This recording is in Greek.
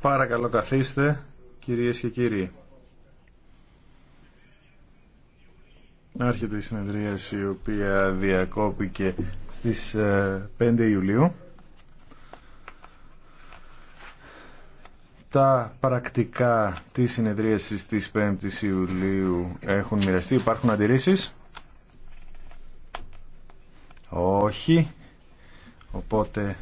Παρακαλώ καθίστε, κυρίες και κύριοι. Άρχεται η συνεδρίαση η οποία διακόπηκε στις 5 ε, Ιουλίου. τα πρακτικά της συνεδρίασης της 5ης Ιουλίου έχουν μοιραστεί. Υπάρχουν αντιρρήσεις. Όχι. Οπότε